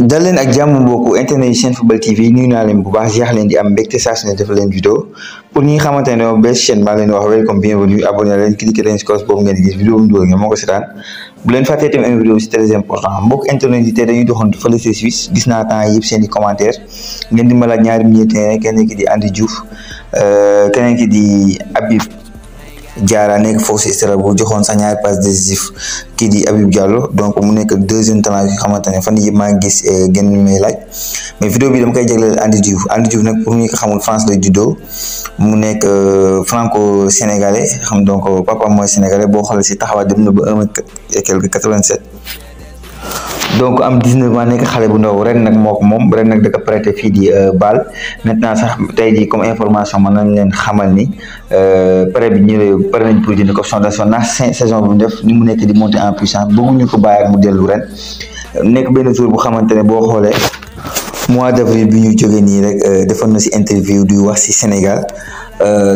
dal leen ak jàmm mbokku internet yi chaîne football tv nuyu naa leen bu baax jeex leen di am mbégte saa su def leen vidéo pour ñi nga xamante ne moom bees chaîne maa leen wax welcome bienvenue abonné leen cliquer leen si cloche boobu ngeen di vidéo mu dugal ngeen moo ko seetaan bu leen fàttee un vidéo c'est très important mbokk internet yi tey dañuy doxantu fële si Suisse gis naa temps yëpp seen i commentaire ngeen di ma laaj ñaari milieu terrain kenn ki di Andy Diouf euh, keneen ki Diarra nekk foofu si Estrela bu joxoon sax ñaar passe décisif kii di Habib Diallo donc mu nekk deuxième talent yi xamante ne fan yii maa ngi gis eh, gën may laaj mais vidéo bi dama koy jagleel Andy Diouf Andy Diouf nag pour ñu ko xamul France la juddoo mu nekk euh, franco sénégalais xam donc euh, papa mooy sénégalais boo xoolee si taxawaay dem na ba un mètre et quelque quatre-vingt-sept donc am 19 ans nekk xale bu ndaw ren nag moo ko moom ren nag da ko prêté fii di euh, Bâle maintenant sax tey jii comme information mën nañ leen xamal ni euh, prêt bi ñu pare nañ pour jënd ko option d'achat ndax saison bi mu def mu nekk di monter en puissance bëgguñu ko bàyyi mu dellu ren nekk benn jour bu xamante ne boo xoolee mois d'avril bi ñu jógee nii rek euh, defoon na si interview di wax si Sénégal.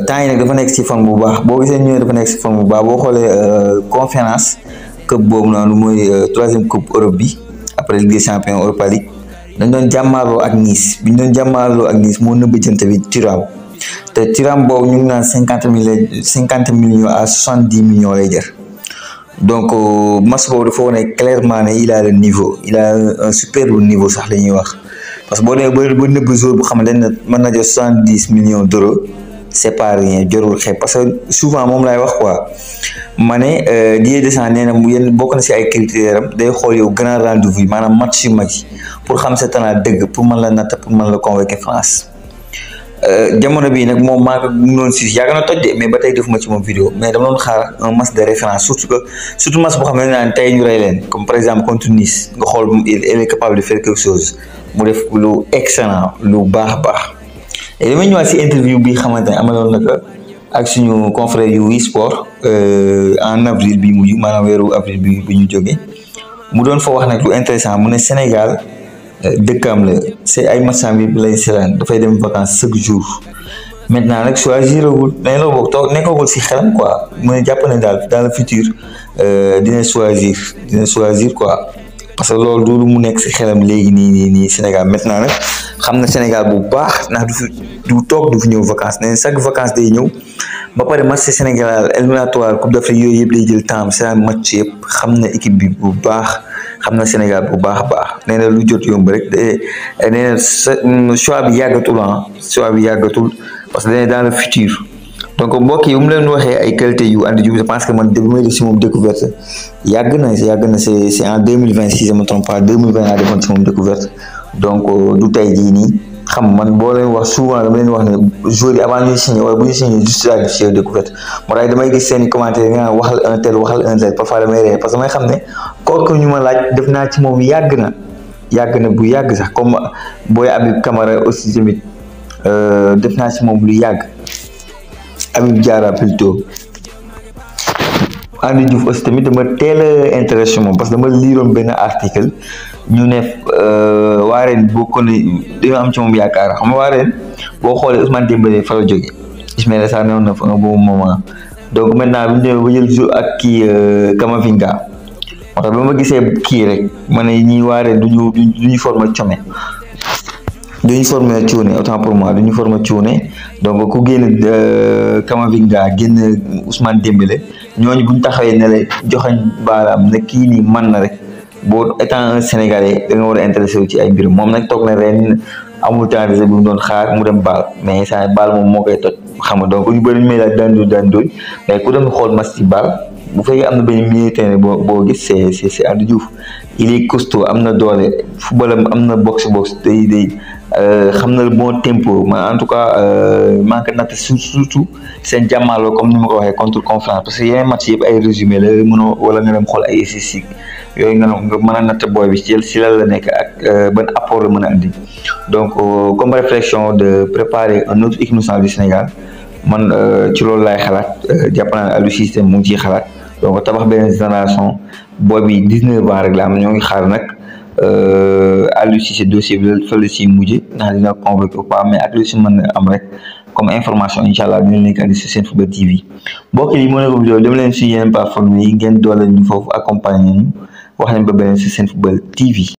temps yi dafa nekk si forme bu baax boo gisee ñu dafa nekk si forme bu baax boo xoolee conférence këpp boobu noonu mooy troisième coupe Europe bi après Ligue des champions Europa League dañ doon jàmmaarloo ak Nice bi ñu doon jàmmaarloo ak Nice moo nëbb jënt bi Thuram te Thuram boobu ñu ngi naan cinquante mille cinquante millions à soixante dix millions lay jar donc euh, match boobu dafa wane clairement ne il a le niveau il a un superbe niveau sax la ñuy wax parce que boo demee ba nëbb jour bu xam ne mën na jox soixante dix millions c'est pas rien jorul xeeb parce que souvent moom laay wax quoi ma ne euh, Didier Deschamps nee na mu yéen bokk na si ay critères am day xool yow grand rendez-vous yi maanaam match yu mag yi pour xam sa talent dëgg pour man la natt pour mën la convaincre France euh, jamono bii nag moom maa ko noonu si yàgg na toj de mais ba tey defuma ci moom vidéo mais dama doon xaar un match de référence surtout que surtout match boo xam ne naan tey ñu rey leen comme par exemple contre Nice nga xool il est capable de faire quelque chose mu lu baax baax. léegi damay ñëwaat si interview bi xamante ne amaloon na ko ak suñu confrère yu Wii Sport euh, en avril bi mujj maanaam weeru avril bi bi ñu jógee mu doon fa wax nag lu intéressant mu ne Sénégal euh, dëkkaam la c'est ay matcham yi lay seetaan dafay dem vacances chaque jour maintenant nag choisir agul dañ la bokk toog nekkagul si xelam quoi mu ne jàpp ne daal dans le futur euh, dina choisir dina choisir quoi parce loolu du mu nekk si xelam léegi nii nii nii Sénégal maintenant nag xam na Sénégal bu baax nax du toog du fi ñëw vacance nee chaque vacance day ñëw ba pare match Sénégal éliminatoire Coupe d'Afrique yooyu yëpp day jël temps sa match yëpp xam na équipe bi bu baax xam na Sénégal bu baax a baax nee na lu jot yomb rek nee na choix bi yàggatul ah choix bi yàggatul parce que dañuy dans le donc mbokk yi mu leen waxee ay qualité yu Andy Diouf je pense que man dégg def si moom découverte yàgg na yàgg na en deux mille vingt si je me trompe pas moom découverte euh, tey jii nii xam man boo leen wax souvent dama leen wax ne joueurs yi avant ñuy signé wala bu ñuy damay gis seen commentaire waxal un tel waxal un tel xam ne kooku ñu ma laaj def naa ci moom yàgg na yàgg na bu yàgg sax comme booy Habib Camara aussi tamit euh, def naa si moom lu yàgg Habib Diarra plutôt Andy Diouf aussi tamit dama teel a intéressé moom parce que dama liiroon benn article ñu ne euh, waareen boo ko ne am ci moom yaakaar xam waareen boo xoolee Ousmane Dembélé fa la jóge Ismaïla Sarr newoon na fa un bon moment donc maintenant bu ba jël ak kii Camavinga euh, moo tax ba ma gisee kii rek ma ne ñi waareen duñu duñu formé Comé duñu formé Thione autant pour moi duñu formé Thione donc ku génn euh, Kamavinga génn Ousmane Dembélé ñooñu buñ taxawee ne la joxañ baaraam ne kii nii man na rek boo étant un sénégalais da nga war a intéressé wu ci ay mbir moom nag toog na ren amul temps bi mu doon xaar mu dem baal mais saa baal moom moo koy toj xam nga donc ñu bëri ñu may la dandu dandu mais ku dem xool masti ci bu fekkee am na benn militaire boo boo gis c'est c'est c'est Abdou Diouf il est costaud am na doole footballam am na box box day day euh, xam na bon tempo mais en tout cas euh, manque natt surtout seen jàmmaloo comme ni ma waxee contre conférence parce que yeneen match yëpp résumé la mënoo wala nga dem xool ay statistiques yooyu nga nga mën a natt booy bi ci si lan la nekk ak euh, ban apport la mën a andi donc comme réflexion de préparer un autre équipe nationale du Sénégal man ci loolu laay xalaat jàpp a ne Aliou mu ngi ciy xalaat. donc tabax benn génération boo bi dix-neuf ans rek la am xaar nak euh nag Aliou Cissé dossier bi la fa la si mujje ndax dina convoqué ou pas mais ak lu si mën am rek comme information incha ñu dina leen ko andi football TV bokk yi mo nekkoon vidéo dem leen si yeneen plateforme yi ngeen doole ñu fofu accompagner ñu wax leen ba beneen si seen football TV.